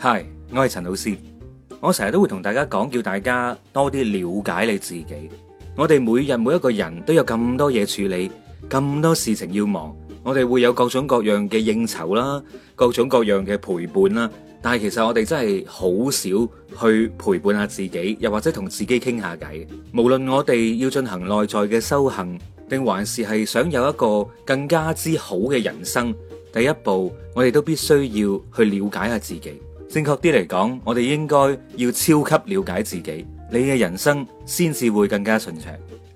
係，Hi, 我係陳老師。我成日都會同大家講，叫大家多啲了解你自己。我哋每日每一個人都有咁多嘢處理，咁多事情要忙。我哋會有各種各樣嘅應酬啦，各種各樣嘅陪伴啦。但係其實我哋真係好少去陪伴下自己，又或者同自己傾下偈。無論我哋要進行內在嘅修行，定還是係想有一個更加之好嘅人生，第一步我哋都必須要去了解下自己。正確啲嚟講，我哋應該要超級瞭解自己，你嘅人生先至會更加順暢。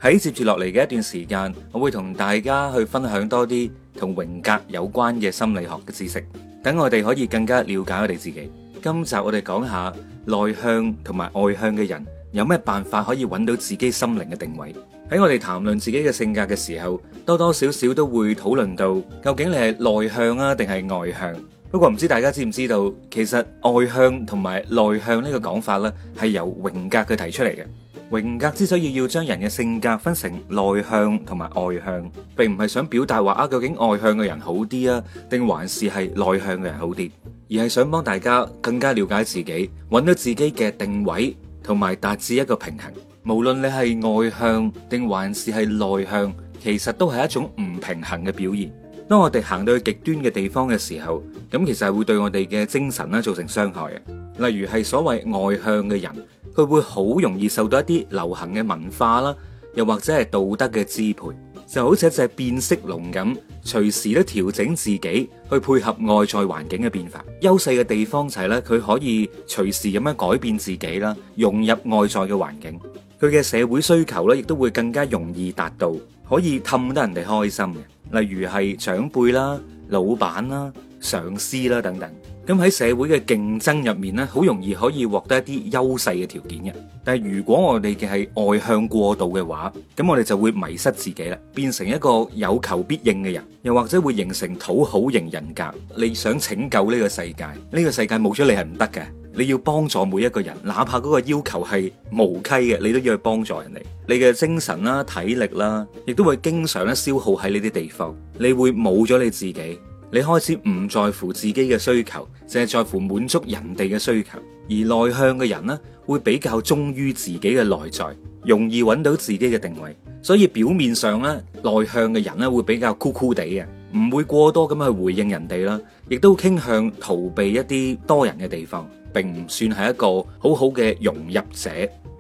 喺接住落嚟嘅一段時間，我會同大家去分享多啲同榮格有關嘅心理學嘅知識，等我哋可以更加瞭解我哋自己。今集我哋講下內向同埋外向嘅人有咩辦法可以揾到自己心靈嘅定位。喺我哋談論自己嘅性格嘅時候，多多少少都會討論到究竟你係內向啊定係外向。不過唔知大家知唔知道，其實，外向同埋內向呢個講法呢，係由榮格佢提出嚟嘅。榮格之所以要將人嘅性格分成內向同埋外向，並唔係想表達話究竟外向嘅人好啲，定還是係內向嘅人好啲，而係想幫大家更加了解自己，揾到自己嘅定位同埋達至一個平衡。無論你係外向，定還是係內向，其實都係一種唔平衡嘅表現。當我哋行到去極端嘅地方嘅時候，咁其實係會對我哋嘅精神咧造成傷害嘅。例如係所謂外向嘅人，佢會好容易受到一啲流行嘅文化啦，又或者係道德嘅支配，就好似一隻變色龍咁，隨時都調整自己去配合外在環境嘅變化。優勢嘅地方就係咧，佢可以隨時咁樣改變自己啦，融入外在嘅環境。佢嘅社會需求咧，亦都會更加容易達到，可以氹得人哋開心嘅，例如係長輩啦、老闆啦、上司啦等等。咁喺社會嘅競爭入面咧，好容易可以獲得一啲優勢嘅條件嘅。但係如果我哋嘅係外向過度嘅話，咁我哋就會迷失自己啦，變成一個有求必應嘅人，又或者會形成討好型人格。你想拯救呢個世界，呢個世界冇咗你係唔得嘅。你要幫助每一個人，哪怕嗰個要求係無稽嘅，你都要去幫助人哋。你嘅精神啦、啊、體力啦、啊，亦都會經常咧消耗喺呢啲地方。你會冇咗你自己，你開始唔在乎自己嘅需求，淨係在乎滿足人哋嘅需求。而內向嘅人呢，會比較忠於自己嘅內在，容易揾到自己嘅定位。所以表面上呢，內向嘅人呢，會比較酷酷哋嘅，唔會過多咁去回應人哋啦，亦都傾向逃避一啲多人嘅地方。並唔算係一個好好嘅融入者，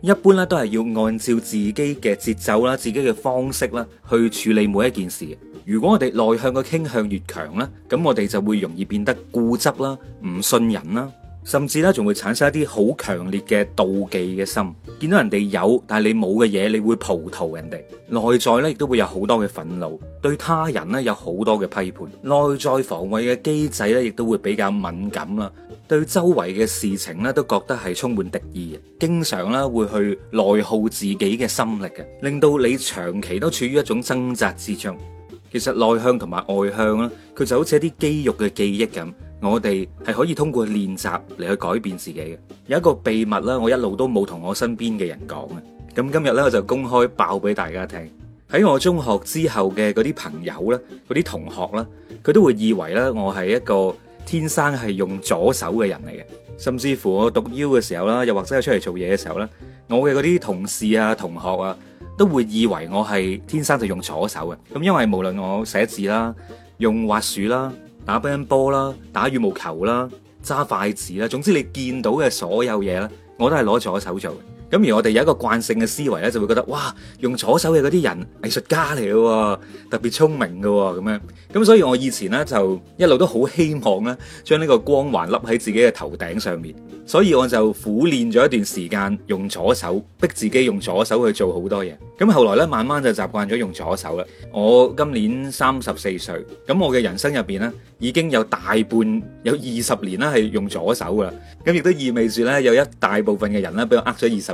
一般咧都係要按照自己嘅節奏啦、自己嘅方式啦，去處理每一件事。如果我哋內向嘅傾向越強咧，咁我哋就會容易變得固執啦、唔信任啦。甚至咧，仲會產生一啲好強烈嘅妒忌嘅心，見到人哋有但係你冇嘅嘢，你會葡萄人哋。內在咧亦都會有好多嘅憤怒，對他人咧有好多嘅批判，內在防衛嘅機制咧亦都會比較敏感啦，對周圍嘅事情咧都覺得係充滿敵意嘅，經常咧會去內耗自己嘅心力嘅，令到你長期都處於一種掙扎之中。其實內向同埋外向啦，佢就好似一啲肌肉嘅記憶咁，我哋係可以通過練習嚟去改變自己嘅。有一個秘密啦，我一路都冇同我身邊嘅人講啊。咁今日呢，我就公開爆俾大家聽。喺我中學之後嘅嗰啲朋友呢，嗰啲同學呢，佢都會以為呢我係一個天生係用左手嘅人嚟嘅。甚至乎我讀 U 嘅時候啦，又或者係出嚟做嘢嘅時候呢，我嘅嗰啲同事啊、同學啊。都會以為我係天生就用左手嘅，咁因為無論我寫字啦、用滑鼠啦、打乒乓波啦、打羽毛球啦、揸筷子啦，總之你見到嘅所有嘢咧，我都係攞左手做。咁而我哋有一個慣性嘅思維咧，就會覺得哇，用左手嘅嗰啲人藝術家嚟咯，特別聰明嘅咁樣，咁所以，我以前咧就一路都好希望咧，將呢個光環笠喺自己嘅頭頂上面。所以我就苦練咗一段時間用左手，逼自己用左手去做好多嘢。咁後來咧，慢慢就習慣咗用左手啦。我今年三十四歲，咁我嘅人生入邊咧，已經有大半有二十年啦，係用左手噶啦。咁亦都意味住咧，有一大部分嘅人咧，俾我呃咗二十。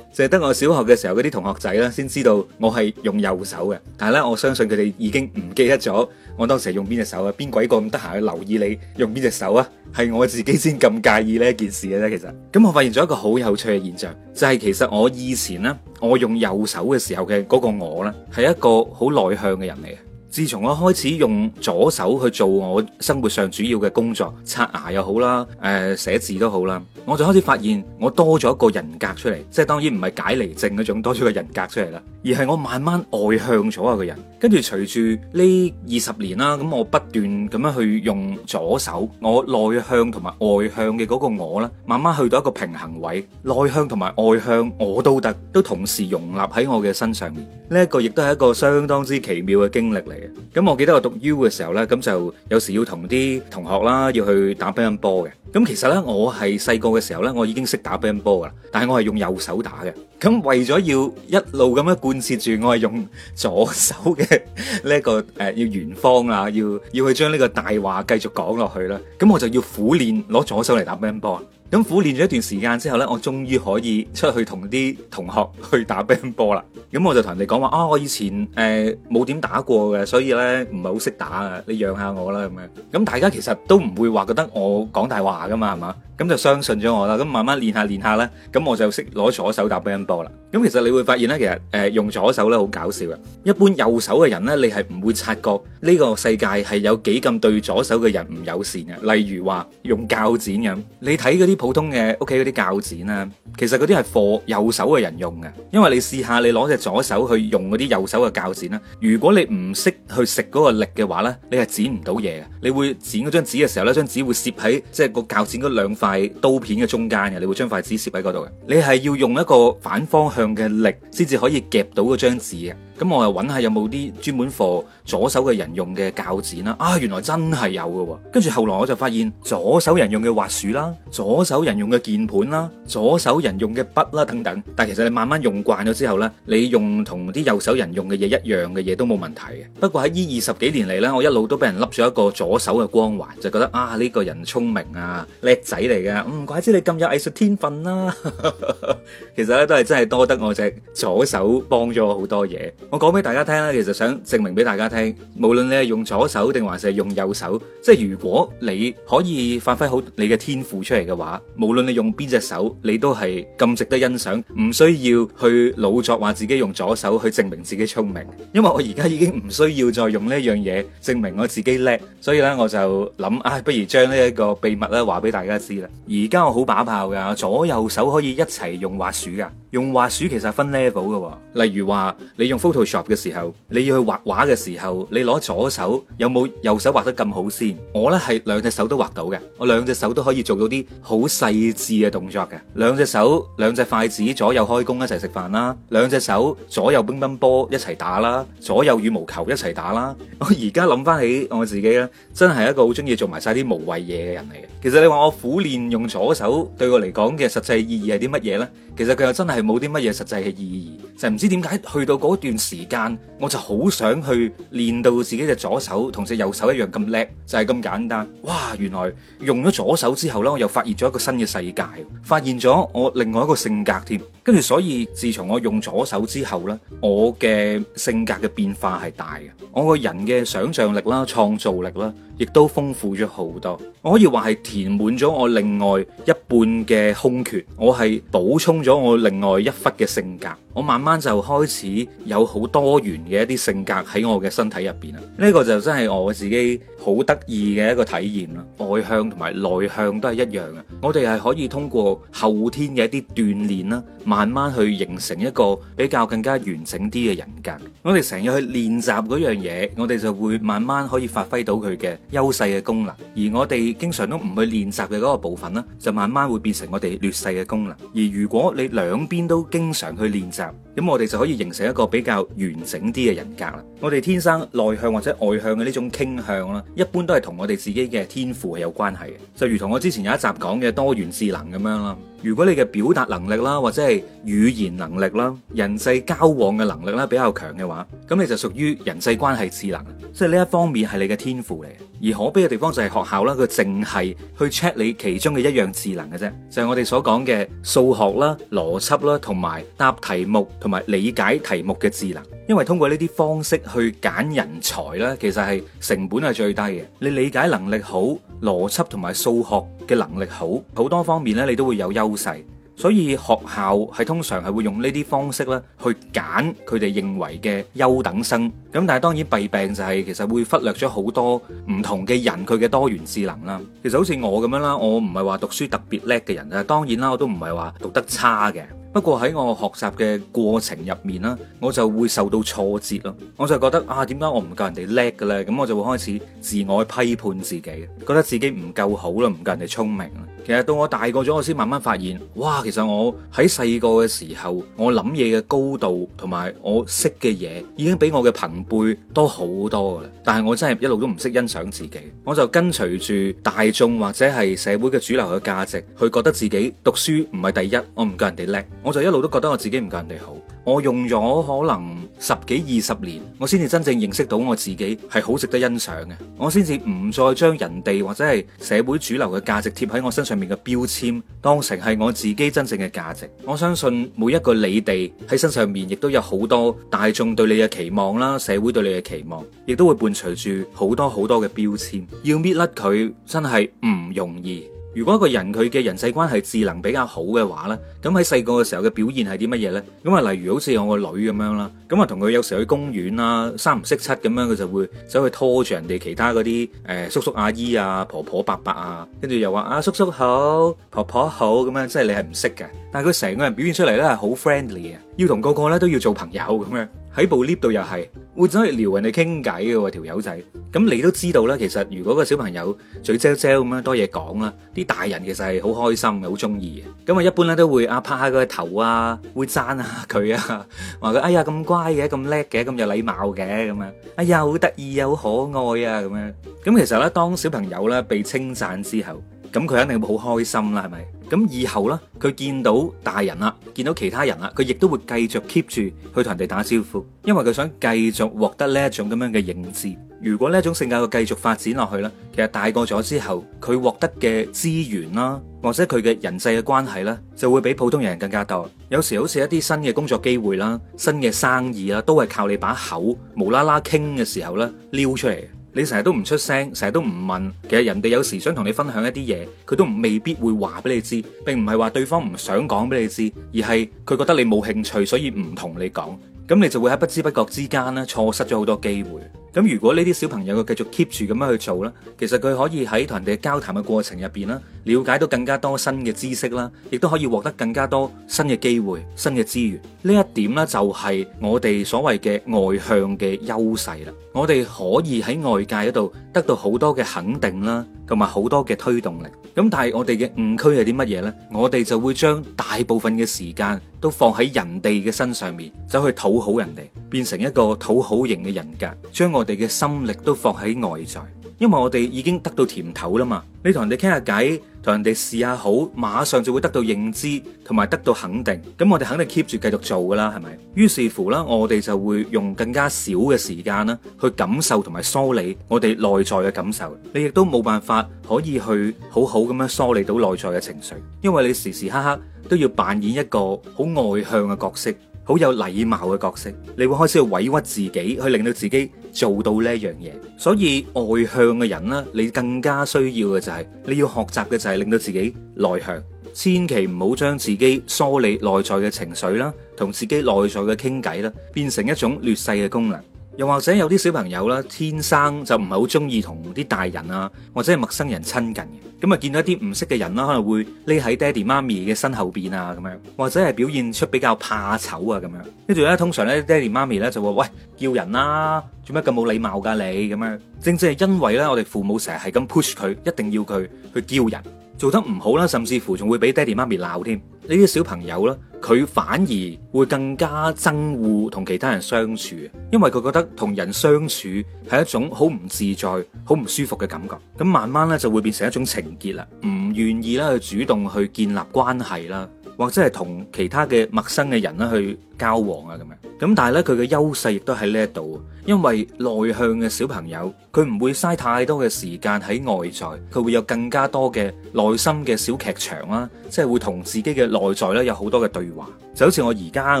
淨係得我小學嘅時候嗰啲同學仔啦，先知道我係用右手嘅。但係咧，我相信佢哋已經唔記得咗，我當時係用邊隻手啊？邊鬼個咁得閒去留意你用邊隻手啊？係我自己先咁介意呢一件事嘅啫。其實，咁我發現咗一個好有趣嘅現象，就係、是、其實我以前呢，我用右手嘅時候嘅嗰個我呢，係一個好內向嘅人嚟嘅。自從我開始用左手去做我生活上主要嘅工作，刷牙又好啦，誒、呃、寫字都好啦，我就開始發現我多咗一個人格出嚟，即係當然唔係解離症嗰種多咗個人格出嚟啦，而係我慢慢外向咗啊個人，跟住隨住呢二十年啦，咁我不斷咁樣去用左手，我內向同埋外向嘅嗰個我啦，慢慢去到一個平衡位，內向同埋外向我都得，都同時容納喺我嘅身上面，呢、這、一個亦都係一個相當之奇妙嘅經歷嚟。咁我記得我讀 U 嘅時候咧，咁就有時要同啲同學啦，要去打乒乓波嘅。咁其實咧，我係細個嘅時候咧，我已經識打乒乓波噶啦，但係我係用右手打嘅。咁為咗要一路咁樣貫徹住，我係用左手嘅呢一個誒，要圓方啊，要要去將呢個大話繼續講落去啦。咁我就要苦練攞左手嚟打乒乓波。咁苦練咗一段時間之後呢，我終於可以出去同啲同學去打乒乓波啦。咁我就同人哋講話啊，我以前誒冇點打過嘅，所以呢唔係好識打啊。你讓下我啦咁樣。咁大家其實都唔會話覺得我講大話噶嘛，係嘛？咁就相信咗我啦。咁慢慢練下練下呢，咁我就識攞左手打乒乓波啦。咁其實你會發現咧，其實誒、呃、用左手咧好搞笑嘅。一般右手嘅人咧，你係唔會察覺呢個世界係有幾咁對左手嘅人唔友善嘅。例如話用鉸剪咁，你睇嗰啲普通嘅屋企嗰啲鉸剪啦，其實嗰啲係畀右手嘅人用嘅。因為你試下你攞隻左手去用嗰啲右手嘅鉸剪啦，如果你唔識去食嗰個力嘅話咧，你係剪唔到嘢嘅。你會剪嗰張紙嘅時候咧，張紙會攝喺即係個鉸剪嗰兩塊刀片嘅中間嘅，你會將塊紙攝喺嗰度嘅。你係要用一個反方向嘅力先至可以夾到嗰張紙。咁我又揾下有冇啲專門貨左手嘅人用嘅鉸剪啦，啊原來真係有嘅。啊，跟住後來我就發現左手人用嘅滑鼠啦，左手人用嘅鍵盤啦，左手人用嘅筆啦等等。但其實你慢慢用慣咗之後呢，你用同啲右手人用嘅嘢一樣嘅嘢都冇問題嘅。不過喺呢二十幾年嚟呢，我一路都俾人笠咗一個左手嘅光環，就覺得啊呢，呢個人聰明啊，叻仔嚟嘅，唔，啊啊，怪之你咁有藝術天分啦，啊。 其實咧都係真係多得我隻左手幫咗我好多嘢。我講俾大家聽啦，其實想證明俾大家聽，無論你係用左手定還是用右手，即係如果你可以發揮好你嘅天賦出嚟嘅話，無論你用邊隻手，你都係咁值得欣賞，唔需要去老作話自己用左手去證明自己聰明。因為我而家已經唔需要再用呢樣嘢證明我自己叻，所以咧我就諗，唉、啊，不如將呢一個秘密咧話俾大家知啦。而家我好把炮噶，左右手可以一齊用滑鼠噶，用滑鼠其實分 level 噶，例如話你用 photo 嘅時候，你要去畫畫嘅時候，你攞左手有冇右手畫得咁好先？我呢係兩隻手都畫到嘅，我兩隻手都可以做到啲好細緻嘅動作嘅。兩隻手，兩隻筷子左右開弓，一齊食飯啦；兩隻手左右乒乓波一齊打啦；左右羽毛球一齊打啦。我而家諗翻起我自己呢，真係一個好中意做埋晒啲無謂嘢嘅人嚟嘅。其實你話我苦練用左手對我嚟講嘅實際意義係啲乜嘢呢？其實佢又真係冇啲乜嘢實際嘅意義，就唔知點解去到嗰段時間我就好想去練到自己嘅左手同隻右手一樣咁叻，就係咁簡單。哇！原來用咗左手之後咧，我又發現咗一個新嘅世界，發現咗我另外一個性格添。跟住所以，自從我用左手之後咧，我嘅性格嘅變化係大嘅。我個人嘅想象力啦、創造力啦，亦都豐富咗好多。我可以話係填滿咗我另外一半嘅空缺，我係補充咗我另外一忽嘅性格。我慢慢就開始有。好多元嘅一啲性格喺我嘅身體入邊啊！呢個就真係我自己好得意嘅一個體驗啦。外向同埋內向都係一樣嘅，我哋係可以通過後天嘅一啲鍛煉啦，慢慢去形成一個比較更加完整啲嘅人格。我哋成日去練習嗰樣嘢，我哋就會慢慢可以發揮到佢嘅優勢嘅功能，而我哋經常都唔去練習嘅嗰個部分啦，就慢慢會變成我哋劣勢嘅功能。而如果你兩邊都經常去練習，咁我哋就可以形成一個比較完整啲嘅人格啦，我哋天生內向或者外向嘅呢種傾向啦，一般都係同我哋自己嘅天賦係有關係嘅。就如同我之前有一集講嘅多元智能咁樣啦，如果你嘅表達能力啦，或者係語言能力啦，人際交往嘅能力啦比較強嘅話，咁你就屬於人際關係智能，即係呢一方面係你嘅天賦嚟。而可悲嘅地方就係學校啦，佢淨係去 check 你其中嘅一樣智能嘅啫，就係我哋所講嘅數學啦、邏輯啦，同埋答題目同埋理解題目嘅智能。因為通過呢啲方式去揀人才咧，其實係成本係最低嘅。你理解能力好、邏輯同埋數學嘅能力好，好多方面呢，你都會有優勢。所以學校係通常係會用呢啲方式咧去揀佢哋認為嘅優等生，咁但係當然弊病就係其實會忽略咗好多唔同嘅人，佢嘅多元智能啦。其實好似我咁樣啦，我唔係話讀書特別叻嘅人啊，當然啦，我都唔係話讀得差嘅。不過喺我學習嘅過程入面啦，我就會受到挫折啦。我就覺得啊，點解我唔夠人哋叻嘅咧？咁我就會開始自我、呃、批判自己，覺得自己唔夠好啦，唔夠人哋聰明啦。其實到我大個咗，我先慢慢發現，哇！其實我喺細個嘅時候，我諗嘢嘅高度同埋我識嘅嘢，已經比我嘅朋輩多好多噶啦。但係我真係一路都唔識欣賞自己，我就跟隨住大眾或者係社會嘅主流嘅價值，去覺得自己讀書唔係第一，我唔夠人哋叻。我就一路都覺得我自己唔夠人哋好，我用咗可能十幾二十年，我先至真正認識到我自己係好值得欣賞嘅，我先至唔再將人哋或者係社會主流嘅價值貼喺我身上面嘅標籤當成係我自己真正嘅價值。我相信每一個你哋喺身上面，亦都有好多大眾對你嘅期望啦，社會對你嘅期望，亦都會伴隨住好多好多嘅標籤，要搣甩佢真係唔容易。如果一個人佢嘅人際關係智能比較好嘅話呢，咁喺細個嘅時候嘅表現係啲乜嘢呢？咁啊，例如好似我個女咁樣啦，咁啊同佢有時候去公園啦，三唔識七咁樣，佢就會走去拖住人哋其他嗰啲誒叔叔阿姨啊、婆婆伯伯啊，跟住又話啊叔叔好、婆婆好咁樣，即係你係唔識嘅，但係佢成個人表現出嚟呢係好 friendly 嘅，要同個個呢都要做朋友咁樣。喺部 lift 度又係，會走去撩人哋傾偈嘅喎條友仔。咁你都知道啦，其實如果個小朋友嘴唧唧咁樣多嘢講啦，啲大人其實係好開心嘅，好中意嘅。咁啊，一般咧都會啊拍下佢個頭啊，會讚下佢啊，話佢哎呀咁乖嘅，咁叻嘅，咁有禮貌嘅咁樣。哎呀，好得意啊，好可愛啊咁樣。咁其實咧，當小朋友咧被稱讚之後，咁佢肯定會好開心啦，係咪？咁以後呢，佢見到大人啦，見到其他人啦，佢亦都會繼續 keep 住去同人哋打招呼，因為佢想繼續獲得呢一種咁樣嘅認知。如果呢一種性格繼續發展落去呢，其實大個咗之後，佢獲得嘅資源啦，或者佢嘅人際嘅關係呢，就會比普通人更加多。有時好似一啲新嘅工作機會啦、新嘅生意啦，都係靠你把口無啦啦傾嘅時候呢，撩出嚟。你成日都唔出聲，成日都唔問，其實人哋有時想同你分享一啲嘢，佢都未必會話俾你知，並唔係話對方唔想講俾你知，而係佢覺得你冇興趣，所以唔同你講，咁你就會喺不知不覺之間咧，錯失咗好多機會。咁如果呢啲小朋友佢繼續 keep 住咁樣去做啦，其實佢可以喺同人哋交談嘅過程入邊啦，了解到更加多新嘅知識啦，亦都可以獲得更加多新嘅機會，新嘅資源。呢一點咧，就係我哋所謂嘅外向嘅優勢啦。我哋可以喺外界嗰度得到好多嘅肯定啦，同埋好多嘅推動力。咁但係我哋嘅誤區係啲乜嘢咧？我哋就會將大部分嘅時間都放喺人哋嘅身上面，走去討好人哋，變成一個討好型嘅人格，將我我哋嘅心力都放喺外在，因為我哋已經得到甜頭啦嘛。你同人哋傾下偈，同人哋試下好，馬上就會得到認知同埋得到肯定。咁我哋肯定 keep 住繼續做噶啦，係咪？於是乎啦，我哋就會用更加少嘅時間啦，去感受同埋梳理我哋內在嘅感受。你亦都冇辦法可以去好好咁樣梳理到內在嘅情緒，因為你時時刻刻都要扮演一個好外向嘅角色，好有禮貌嘅角色。你會開始委屈自己，去令到自己。做到呢樣嘢，所以外向嘅人啦，你更加需要嘅，就係你要學習嘅就係令到自己內向，千祈唔好將自己梳理內在嘅情緒啦，同自己內在嘅傾偈啦，變成一種劣勢嘅功能。又或者有啲小朋友啦，天生就唔係好中意同啲大人啊，或者係陌生人親近嘅，咁啊見到一啲唔識嘅人啦、啊，可能會匿喺爹地媽咪嘅身後邊啊，咁樣，或者係表現出比較怕醜啊，咁樣，跟住咧通常咧爹地媽咪咧就話喂叫人啦、啊，做乜咁冇禮貌噶、啊、你咁樣，正正係因為咧我哋父母成日係咁 push 佢，一定要佢去叫人，做得唔好啦，甚至乎仲會俾爹地媽咪鬧添。呢啲小朋友啦，佢反而會更加憎惡同其他人相處，因為佢覺得同人相處係一種好唔自在、好唔舒服嘅感覺。咁慢慢呢，就會變成一種情結啦，唔願意啦去主動去建立關係啦。或者係同其他嘅陌生嘅人啦去交往啊，咁樣，咁但係咧佢嘅優勢亦都喺呢一度，因為內向嘅小朋友佢唔會嘥太多嘅時間喺外在，佢會有更加多嘅內心嘅小劇場啦，即係會同自己嘅內在咧有好多嘅對話。就好似我而家咁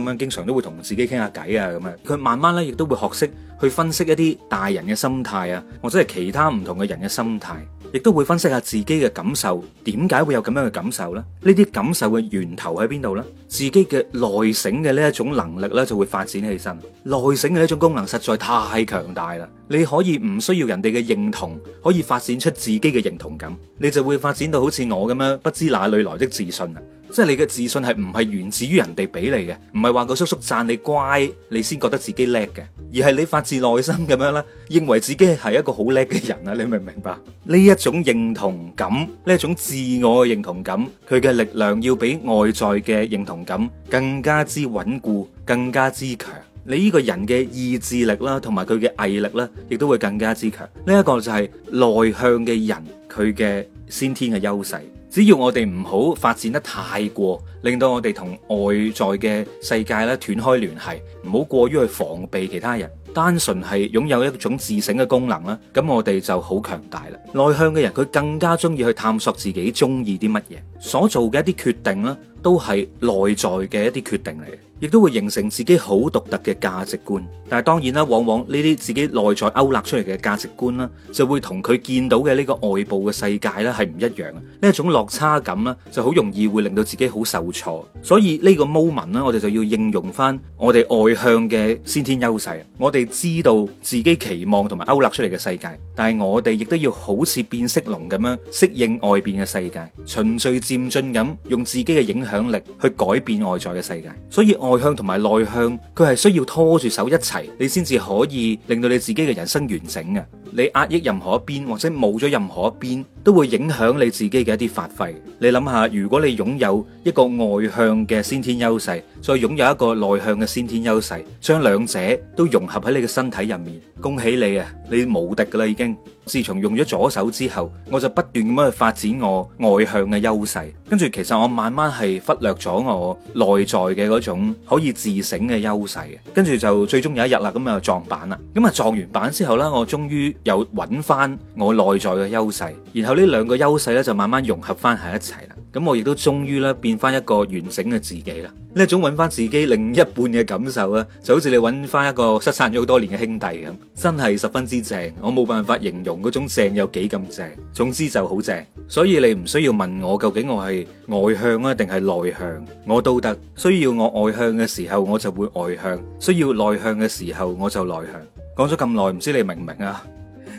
樣，經常都會同自己傾下偈啊咁樣。佢慢慢咧，亦都會學識去分析一啲大人嘅心態啊，或者係其他唔同嘅人嘅心態，亦都會分析下自己嘅感受，點解會有咁樣嘅感受呢？呢啲感受嘅源頭喺邊度呢？自己嘅內省嘅呢一種能力咧，就會發展起身。內省嘅呢種功能實在太強大啦！你可以唔需要人哋嘅認同，可以發展出自己嘅認同感，你就會發展到好似我咁樣，不知哪裏來的自信啊！即係你嘅自信係唔係源自於人哋俾你嘅，唔係話個叔叔讚你乖，你先覺得自己叻嘅，而係你發自內心咁樣啦，認為自己係一個好叻嘅人啊！你明唔明白？呢一種認同感，呢一種自我嘅認同感，佢嘅力量要比外在嘅認同感更加之穩固，更加之強。你呢個人嘅意志力啦，同埋佢嘅毅力啦，亦都會更加之強。呢一個就係內向嘅人，佢嘅先天嘅優勢。只要我哋唔好發展得太過，令到我哋同外在嘅世界咧斷開聯繫，唔好過於去防備其他人，單純係擁有一種自省嘅功能咧，咁我哋就好強大啦。內向嘅人佢更加中意去探索自己中意啲乜嘢，所做嘅一啲決定咧，都係內在嘅一啲決定嚟。亦都會形成自己好獨特嘅價值觀，但係當然啦，往往呢啲自己內在勾勒出嚟嘅價值觀啦，就會同佢見到嘅呢個外部嘅世界啦係唔一樣，呢一種落差感呢，就好容易會令到自己好受挫，所以呢個 moment 呢，我哋就要應用翻我哋外向嘅先天優勢，我哋知道自己期望同埋勾勒出嚟嘅世界，但係我哋亦都要好似變色龍咁樣適應外邊嘅世界，循序漸進咁用自己嘅影響力去改變外在嘅世界，所以我。外向同埋內向，佢係需要拖住手一齊，你先至可以令到你自己嘅人生完整嘅。你壓抑任何一邊，或者冇咗任何一邊，都會影響你自己嘅一啲發揮。你諗下，如果你擁有一個外向嘅先天優勢，再擁有一個內向嘅先天優勢，將兩者都融合喺你嘅身體入面，恭喜你啊！你無敵噶啦，已經。自從用咗左手之後，我就不斷咁樣去發展我外向嘅優勢，跟住其實我慢慢係忽略咗我內在嘅嗰種可以自省嘅優勢，跟住就最終有一日啦，咁啊撞板啦。咁啊撞完板之後咧，我終於又揾翻我內在嘅優勢，然後。呢兩個優勢咧就慢慢融合翻喺一齊啦，咁我亦都終於咧變翻一個完整嘅自己啦。呢一種揾翻自己另一半嘅感受咧，就好似你揾翻一個失散咗好多年嘅兄弟咁，真係十分之正，我冇辦法形容嗰種正有幾咁正。總之就好正，所以你唔需要問我究竟我係外向啊定係內向，我都得。需要我外向嘅時候，我就會外向；需要內向嘅時候，我就內向。講咗咁耐，唔知你明唔明啊？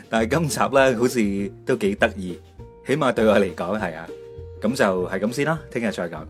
但係今集咧，好似都幾得意。起碼對我嚟講係啊，咁就係咁先啦，聽日再講。